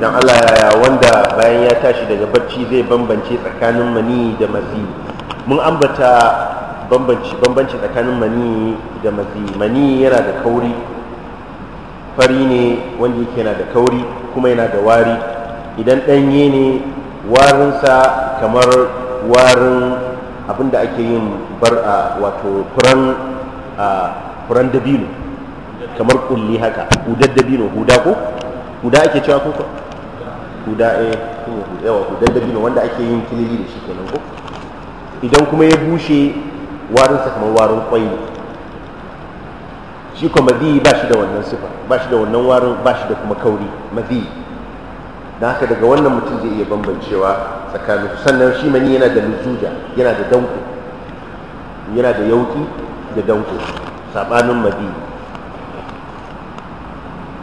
dan Allah ya wanda bayan ya tashi daga barci zai bambance tsakanin mani da mazi mun ambata bambanci bambanci tsakanin mani da mazi mani yana da kauri fari ne wanda yake yana da kauri kuma yana da wari idan ɗanye ne warinsa kamar warin abinda ake yin bar a wato furan a furan dabino kamar kulli haka hudar dabino huda ko huda ake cewa ko huda eh shine yawa da dabino wanda ake yin kilili da shi kenan ko idan kuma ya bushe warin sa kamar warin kwai ne shi ko madi ba shi da wannan sifa ba shi da wannan warin ba shi da kuma kauri madi da haka daga wannan mutum zai iya bambancewa tsakanin sannan shi mani yana da luzuja yana da danko yana da yauki da danko sabanin madi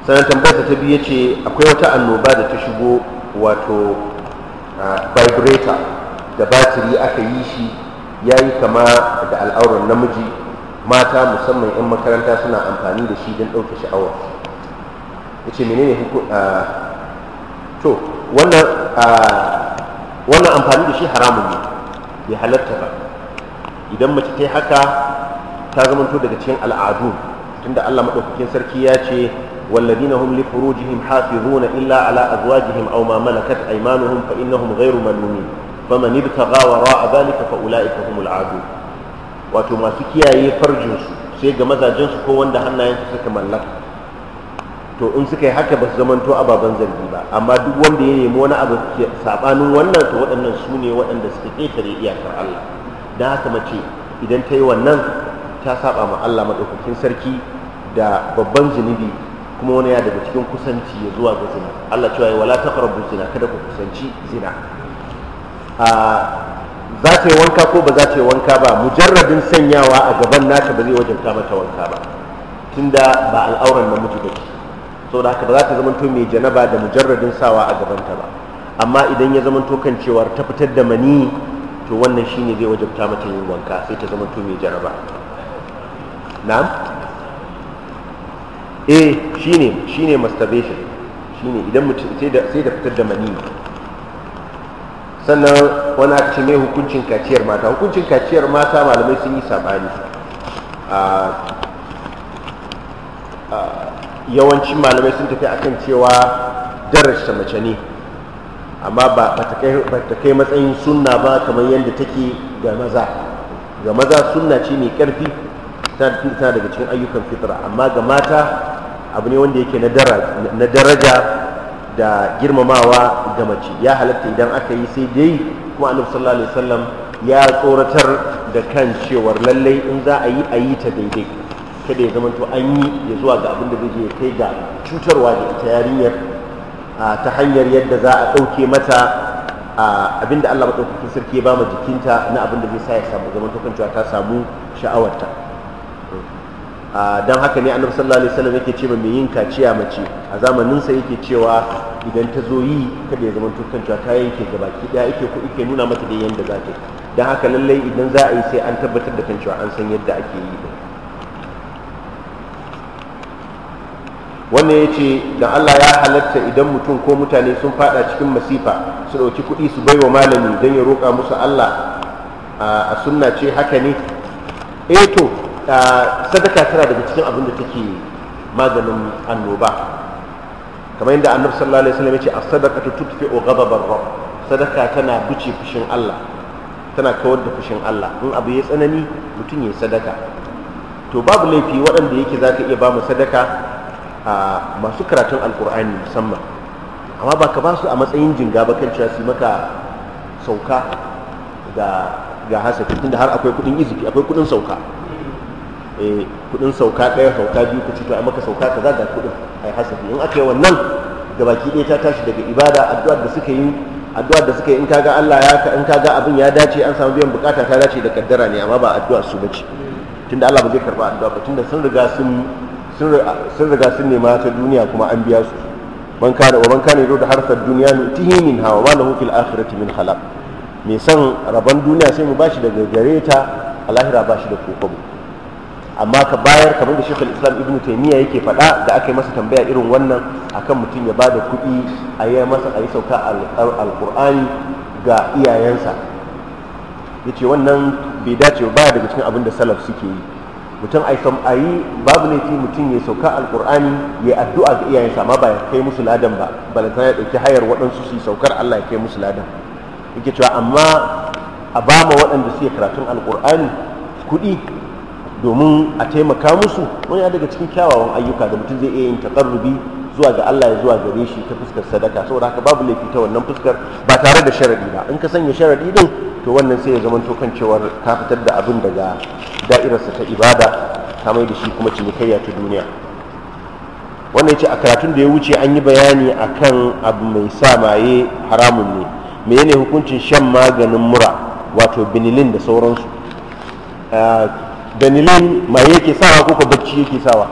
sannan tambayarsa ta biya ce akwai wata annoba da ta shigo wato vibrator da batiri aka yi shi ya yi kama da al'aurar namiji mata musamman 'yan makaranta suna amfani da shi don ɗauke sha'awar ya ce menene to wannan amfani da shi haramun ne bai halatta ba idan mace ta yi haka ta zama zamanto daga cikin al'adu tunda allah maɗaukakin sarki ya ce والذين هم لفروجهم حافظون إلا على أزواجهم أو ما ملكت أيمانهم فإنهم غير ملومين فمن ابتغى وراء ذلك فأولئك هم العادون kiyaye سكيا sai ga ماذا جنس ko wanda hannayensu suka mallaka. to in suka yi haka ba su zamanto ababen zargi ba amma duk wanda ya nemi wani abu sabanin wannan to waɗannan su ne waɗanda suka ƙetare iyakar Allah don haka mace idan ta yi wannan ta saba ma Allah maɗaukakin sarki da babban zunubi kuma wani ya daga cikin kusanci ya zuwa ga zina Allah cewa wala taqrabu zina kada ku kusanci zina a za ta yi wanka ko ba za ta yi wanka ba mujarradin sanyawa a gaban nata ba zai wajenta mata wanka ba tunda ba al'auran namiji ba saboda haka ba za ta to mai janaba da mujarrabin sawa a gabanta ba amma idan ya zamanto kan cewar ta fitar da mani to wannan shine zai wajabta mata yin wanka sai ta zamanto mai janaba na'am eh shine shine masturbation shine idan mutum sai da sai da fitar da mani sannan wani aka ce mai hukuncin kaciyar mata hukuncin kaciyar mata malamai sun yi sabani a yawancin malamai sun tafi akan cewa darasta mace ne amma ba ta kai matsayin sunna ba kamar yadda take ga maza ga maza sunna ce mai karfi ta daga cikin ayyukan fitra amma ga mata abu ne wanda yake na daraja da girmamawa ga mace ya halatta idan aka yi sai dai kuma annabi sallallahu alaihi wasallam ya tsoratar da kan cewar lallai in za a yi a yi ta daidai kada ya zama to an yi ya zuwa ga abin da zai kai ga cutarwa da ita yarinyar ta hanyar yadda za a ɗauke mata abin da Allah maɗaukakin sarki ya ba ma jikinta na abin da zai sa ya samu zama to kan cewa ta samu sha'awarta don haka ne annabi sallallahu alaihi wasallam yake cewa mai yin kaciya mace a zamanin sa yake cewa idan ta zo yi kada ya zama tukan cewa ta gaba ki da yake kuɗi yake nuna mata dai yanda za ta yi don haka lallai idan za a yi sai an tabbatar da kan cewa an san yadda ake yi wannan ya ce da Allah ya halatta idan mutum ko mutane sun fada cikin masifa su dauki kuɗi su bai wa malami dan ya roƙa musu Allah a sunna ce haka ne eh to sadaka tana daga cikin abin da take maganin annoba kamar yadda annabi sallallahu alaihi wasallam yace as sadaqa ghadabar rabb sadaka tana buce fushin Allah tana kawar da fushin Allah in abu ya tsanani mutum ya sadaka to babu laifi waɗanda yake zaka iya ba mu sadaka a masu karatun alkur'ani musamman amma ba ka ba su a matsayin jinga ba kan cewa su maka sauka ga ga hasafi tunda har akwai kuɗin izifi akwai kuɗin sauka Eh, kudin sauka ɗaya sauka biyu ku cuta a maka sauka ka ga kudin ai hasafi in aka yi wannan gabaki ɗaya ta tashi daga ibada addu'ar da suka yi addu'ar da suka yi in ka ga Allah ya in ga abin ya dace an samu biyan bukata ta dace da kaddara ne amma ba addu'ar su bace tunda Allah ba zai karba addu'a ba tunda sun riga sun sun riga sun nema ta duniya kuma an biya su man kana wa man kana yuridu harfar duniya nutihi min hawa wa lahu fil akhirati min khalaq me san rabon duniya sai mu bashi daga gare ta a lahira bashi da kokobo amma ka bayar kamar da shekul islam ibn taimiyya yake faɗa da aka yi masa tambaya irin wannan akan mutum ya ba da kuɗi a yi masa a yi sauka alƙur'ani ga iyayensa ya ce wannan bai dace ba daga cikin abin da salaf suke yi mutum a yi babu laifi mutum ya sauka alƙur'ani ya addu'a ga iyayensa amma ba ya kai musu ladan ba balantana ya ɗauki hayar waɗansu su yi saukar allah ya kai musu ladan yake cewa amma a ba ma waɗanda suke karatun alƙur'ani kuɗi domin a taimaka musu wani ya daga cikin kyawawan ayyuka da mutum zai iya yin takarrubi zuwa ga Allah ya zuwa gare shi ta fuskar sadaka saboda haka babu laifi ta wannan fuskar ba tare da sharadi ba in ka sanya sharadi din to wannan sai ya zama to kan cewar ka fitar da abin daga da'irarsa ta ibada ta mai da shi kuma cinikayya ta duniya wannan ce a karatun da ya wuce an yi bayani akan abu mai sa maye haramun ne menene hukuncin shan maganin mura wato binilin da sauransu ah, ganilin mai yake sawa ko bacci yake sawa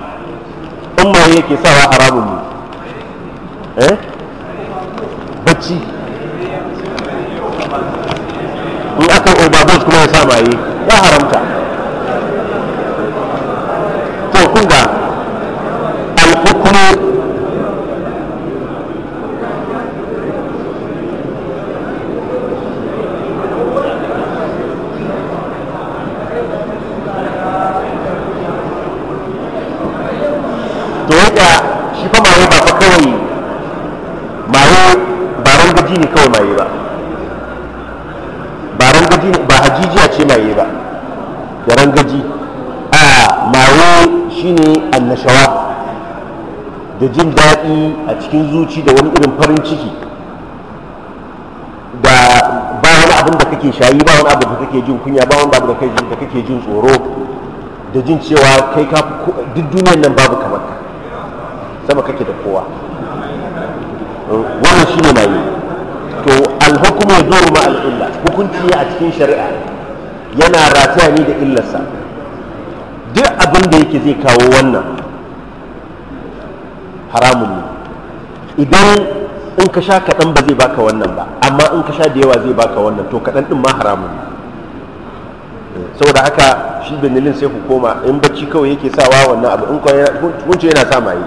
in mai yake sawa haramun ne eh bacci in aka overboard kuma ya sa yi ya haramta raye shine annashawa da jin daɗi a cikin zuci da wani irin farin ciki da ba wani abin da kake shayi ba wani abin da kake jin kunya ba wani abin da kake jin tsoro da jin cewa kai ka duk duniyan nan babu kamar ka sama kake da kowa wannan shine yi to alhukumu zuru ma al'illa hukunci a cikin shari'a yana rataya ni da illarsa duk abin da yake zai kawo wannan haramun ne idan in ka sha kaɗan ba zai baka wannan ba amma in ka sha da yawa zai baka wannan to kaɗan ɗin ma haramun ne eh, saboda haka shi benin sai ku koma in bacci kawai yake sawa wannan abu in kunce yana sa maye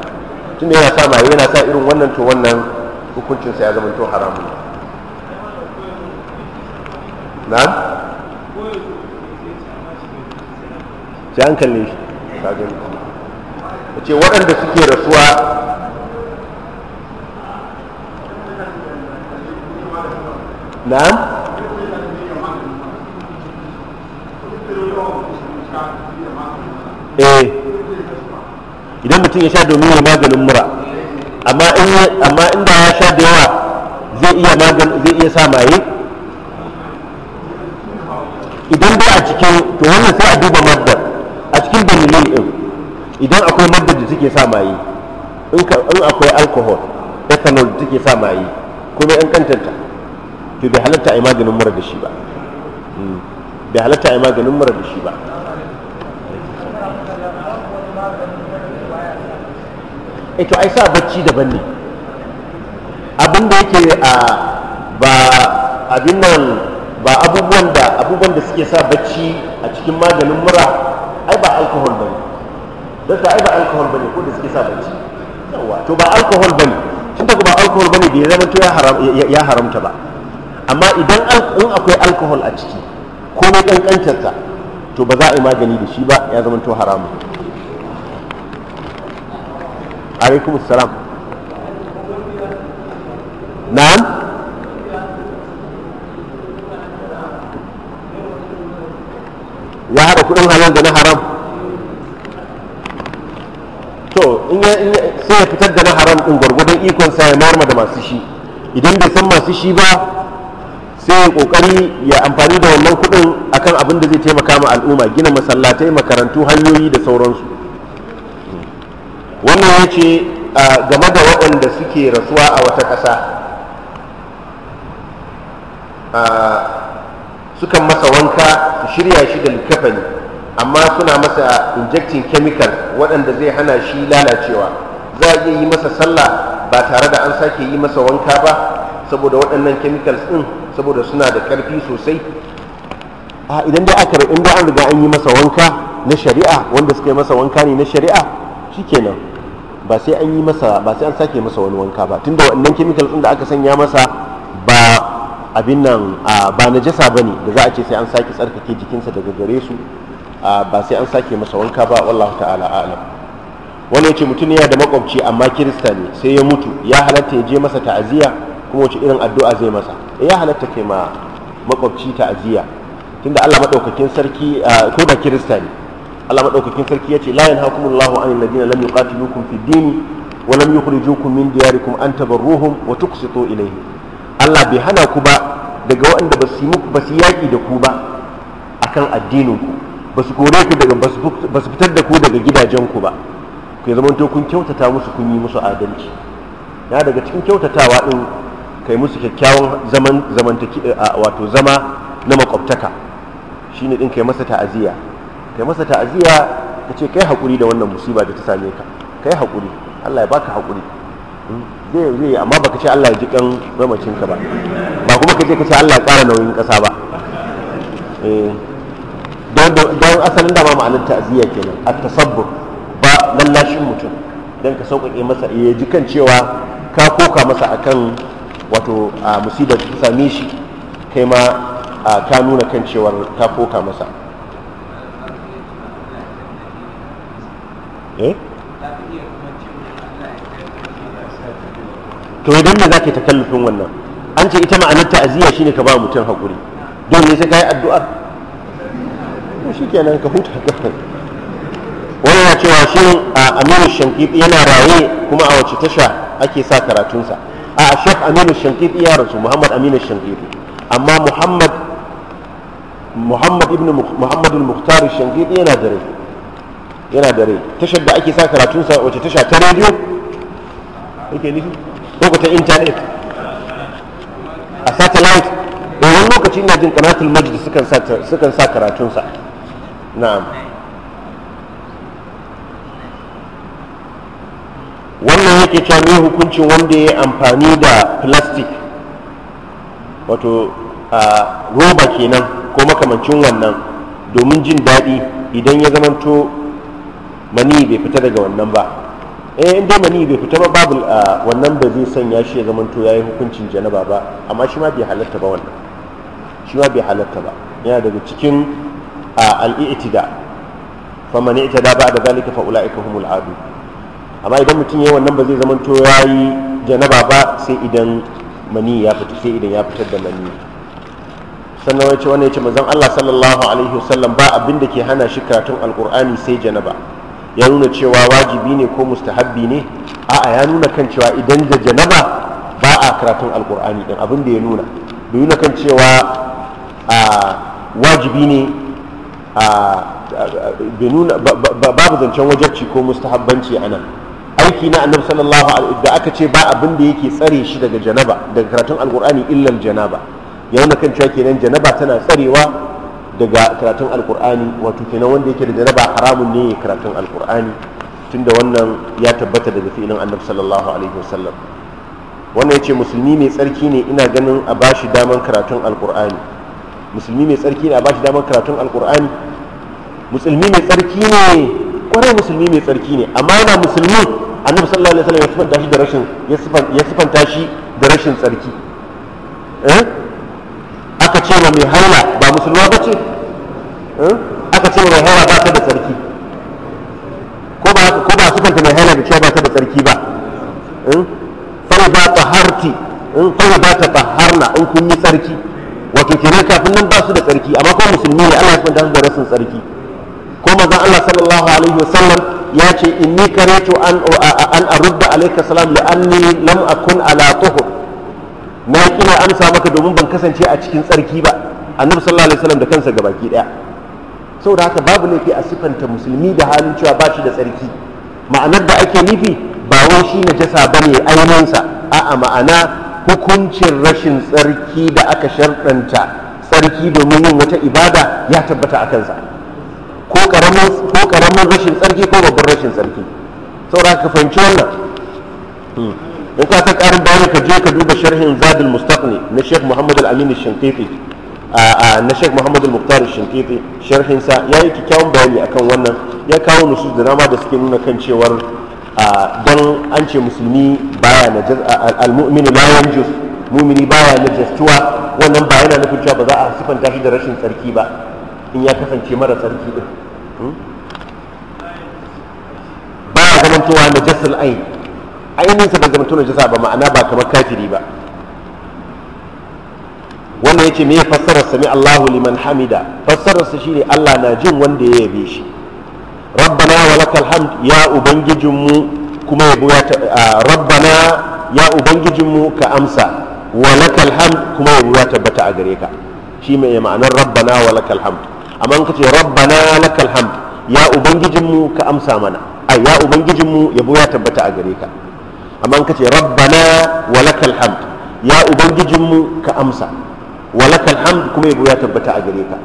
da yana sa maye yana sa irin wannan to wannan hukuncinsa ya zama to haramun na sai an kalle shi ka gani ya ce waɗanda suke rasuwa na'am eh idan mutum ya sha domin ya maganin mura amma inda ya sha da yawa zai iya sa maye samayi in akwai alcohol ethanol take samayi kuma komai an kantanta to bai halatta a maganin mura da shi ba hmm. bai halatta a maganin mura da shi ba e to ai sa bacci daban ne abin da yake a ba abin nan ba abubuwan da abubuwan da suke sa bacci a cikin maganin mura ai ba alcohol ba ne don ta ba alkohol bane ko da suke sa bacci yawa to ba alkohol bane shi ta ba alkohol bane da ya zama to ya haramta ba amma idan in akwai alkohol a ciki ko mai ta to ba za a yi magani da shi ba ya zama to haramun alaikum salam na'am ya haɗa kuɗin halal da na haram to sai ya fitar da na haram ɗin gwargwadon ikon sa ya marma da masu shi idan bai san masu shi ba sai ya kokari ya amfani da wannan kuɗin akan abin da zai taimaka ma al'umma gina masallatai makarantu hanyoyi da sauransu wannan ya ce game da waɗanda suke rasuwa a wata ƙasa sukan masa wanka su shirya shi da likafani amma suna masa injecting chemical waɗanda zai hana shi lalacewa za a iya yi masa sallah ba tare da an sake yi masa wanka ba saboda waɗannan chemicals ɗin saboda suna da ƙarfi sosai a idan dai aka in da an riga an yi masa wanka na shari'a wanda suka yi masa wanka ne na shari'a shikenan ba sai an yi masa ba sai an sake masa wani wanka ba tunda waɗannan chemicals ɗin da aka sanya masa ba abin nan ba ba bane da za a ce sai an sake tsarkake jikinsa daga gare su ba sai an sake masa wanka ba wallahu ta'ala alam wani yace mutum yana da makwabci amma kirista ne sai ya mutu ya halatta ya je masa ta'aziya kuma wace irin addu'a zai masa eh, ya halatta kai ma makwabci ta'aziyya tunda Allah madaukakin sarki ko da kirista ne Allah madaukakin sarki yace la yanhaakumullahu an ladina lam yuqatilukum fid din wa lam yukhrijukum min diyarikum an tabarruhum wa tuqsitu ilayhi Allah bai hana ku ba daga waɗanda ba su yaƙi da ku ba akan addinin ku ba su kore ku daga ba su fitar da ku daga gidajenku ba ku zama to kun kyautata musu kun yi musu adalci ya daga cikin kyautatawa din kai musu kyakkyawan zaman zamantaki wato zama na makwabtaka shine din kai masa ta'aziya kai masa ta'aziya ka ce kai hakuri da wannan musiba da ta same ka kai hakuri Allah ya baka hakuri hmm? zai zai amma baka ce Allah ya ji kan mamacin ka ba ba kuma ka ce ka ce Allah ya kara nauyin kasa ba eh don asalin dama ma'anar ta'aziyya kenan a tasabbur ba lallashin mutum don ka sauƙaƙe masa eh, ya ji kan cewa ka koka masa akan wato a musibar ta same shi kai ma ka nuna kan cewar ka koka masa eh? to idan da za ka yi takallufin wannan an ce ita ma'anar ta'aziyya shine ka ba mutum haƙuri don ne sai ka yi addu'ar shi kenan ka huta wani na cewa shi a aminu shankiti yana raye kuma a wace tasha ake sa karatunsa a shek aminu shankiti ya rasu muhammad aminu shankiti amma muhammad muhammad ibn muhammad al-mukhtar shankiti yana da rai yana da rai tashar da ake sa karatunsa wace tasha ta rediyo yake nufi ko ta intanet a satellite eh, wani lokaci ina jin kanatul majid sukan sa karatunsa na'am wannan yake cewa me hukuncin wanda ya yi amfani da plastic wato a roba kenan ko makamancin wannan domin jin daɗi idan ya zamanto mani bai fita daga wannan ba eh in mani bai fita ba babu wannan ba zai sanya shi ya zamanto ya yi hukuncin janaba ba amma shi ma bai halarta ba wannan shi ma bai halatta ba yana daga cikin al-i'tida fa man i'tada ba'da zalika fa ulaika humul adu amma idan mutum yayin wannan ba zai zama to yayi janaba ba sai idan mani ya fita sai idan ya fitar da mani sannan wani ce wannan ya ce manzon Allah sallallahu alaihi wasallam ba abin da ke hana shi karatun alqur'ani sai janaba ya nuna cewa wajibi ne ko mustahabbi ne a'a ya nuna kan cewa idan da janaba ba a karatun alqur'ani din abin da ya nuna bai nuna kan cewa a wajibi ne babu zancen wajarci ko mustahabbanci a nan aiki na annabi sallallahu alaihi da aka ce ba abin da yake tsare shi daga janaba daga karatun alkur'ani illal janaba ya nuna kan cewa kenan janaba tana tsarewa daga karatun alkur'ani wato kenan wanda yake da janaba haramun ne karatun alkur'ani tunda wannan ya tabbata daga fi'ilin annabi sallallahu alaihi wasallam wannan ya ce musulmi mai tsarki ne ina ganin a bashi daman karatun alkur'ani musulmi mai tsarki ne a bashi daman karatun alkur'ani musulmi mai tsarki ne kwarai musulmi mai tsarki ne amma yana musulmi annabi sallallahu alaihi wasallam ya sifanta shi da rashin ya sifanta shi da rashin tsarki eh? aka ce mai haila ba musulma ba ce eh? aka ce mai haila ba ta da tsarki ko ba ko ba sifanta mai haila da cewa ba ta da tsarki ba eh? fa ba ta harti fa ba ta taharna in kun yi tsarki wato kenan kafin nan ba su da tsarki amma ko musulmi ne Allah ya sifanta su da rashin tsarki manzon Allah sallallahu alaihi wasallam ya ce inni kareto an an arudda alayka salam li anni lam akun ala tuhur na kina amsa maka domin ban kasance a cikin tsarki ba annabi sallallahu alaihi wasallam da kansa gabaki daya saboda haka babu laifi a sifanta musulmi da halin cewa ba shi da tsarki ma'anar da ake nufi ba wai shi ba bane ainihinsa a'a ma'ana hukuncin rashin tsarki da aka sharɗanta tsarki domin yin wata ibada ya tabbata a kansa ko karamin rashin tsarki ko babban rashin tsarki saboda ka fahimci wannan in hmm. ka san karin bayani ka je ka duba sharhin zadul mustaqni na sheikh muhammad al-amin shinkifi na sheikh muhammad al-muqtar shinkifi sharhin sa yayi kikkiawan bayani akan wannan ya kawo nusus da dama da suke nuna kan cewar don an ce musulmi baya na al-mu'minu la yanjus mu'mini baya na jastuwa wannan ba yana nufin cewa ba za a sifanta shi da rashin tsarki ba in ya kasance mara tsarki din ba ya zamantowa na jasal ayin ainihinsa ba zamanto na jasa ba ma'ana ba kamar kafiri ba wannan ya ce me fassarar sami Allahu liman hamida fassararsa shine Allah na jin wanda ya yabe shi rabbana wa lakal hamd ya ubangijinmu kuma yabo ya rabbana ya ubangijinmu ka amsa wa lakal hamd kuma yabo ya tabbata a gare ka shi mai ma'anar rabbana wa lakal hamd amma in kace rabbana lakal hamd ya ubangijinmu ka amsa mana ai ya ubangijinmu yabo ya tabbata a gare ka amma in kace rabbana wa lakal hamd ya ubangijinmu ka amsa wa lakal hamd kuma yabo ya tabbata a gare ka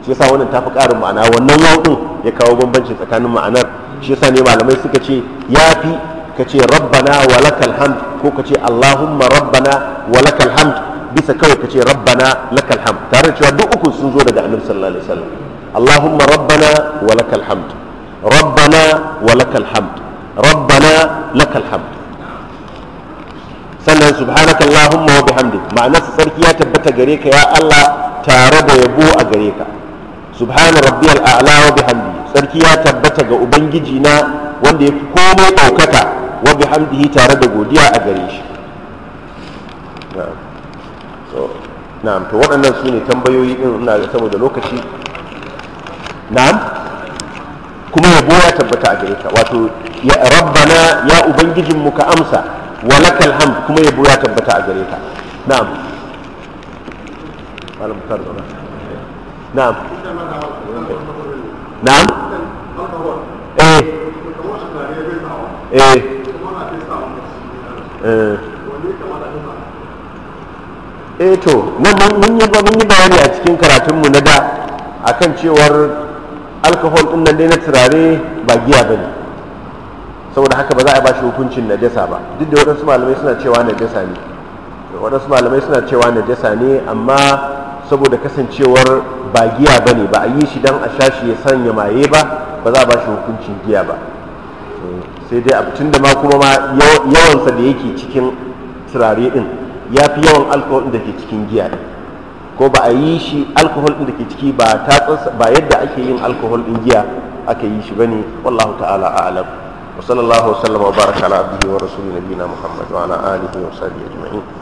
shi yasa wannan tafi karin ma'ana wannan wawun ya kawo bambanci tsakanin ma'anar shi yasa ne malamai suka ce yafi kace rabbana wa lakal hamd ko kace allahumma rabbana wa lakal hamd bisa kawai ka ce rabbana lakal hamd tare cewa duk uku sun zo daga annabi sallallahu alaihi wasallam allahumma rabbana wa lakal hamd rabbana wa lakal hamd rabbana lakal hamd sannan subhanaka allahumma wa bihamdik ma'ana sarki ya tabbata gare ka ya allah tare da yabo a gare ka subhana rabbiyal a'la wa bihamdi sarki ya tabbata ga ubangiji na wanda ya fi komai ɗaukaka wa bihamdihi tare da godiya a gare shi na'am to waɗannan su ne tambayoyi ɗin ina da da lokaci na'am kuma yabo ya tabbata a gare ka wato ya rabbana ya ubangijin mu ka amsa wa lakal kuma yabo ya tabbata a gare ka na'am malam tarzo na'am na'am eh eh eh e to mun yi mun yi bayani a cikin karatunmu na da akan cewar alkohol din nan dai na turare ba giya ba ne saboda haka ba za a bashi hukuncin najasa ba duk da waɗansu malamai suna cewa najasa ne waɗansu malamai suna cewa najasa ne amma saboda kasancewar ba giya ba ne ba a yi shi don a sha shi ya sanya maye ba ba za a bashi hukuncin giya ba eh, sai dai tun da ma kuma ma yawansa da yake cikin turare din ya fi yawan alkohol da ke cikin giya ko ba a yi shi alkohol ɗin da ke ciki ba ba yadda ake yin alkohol din giya aka yi shi ba ne wallahu ta'ala a'lam wa sallallahu wa sallama wa baraka ala abdihi wa rasulina nabiyina muhammad wa ala alihi wa sahbihi ajma'in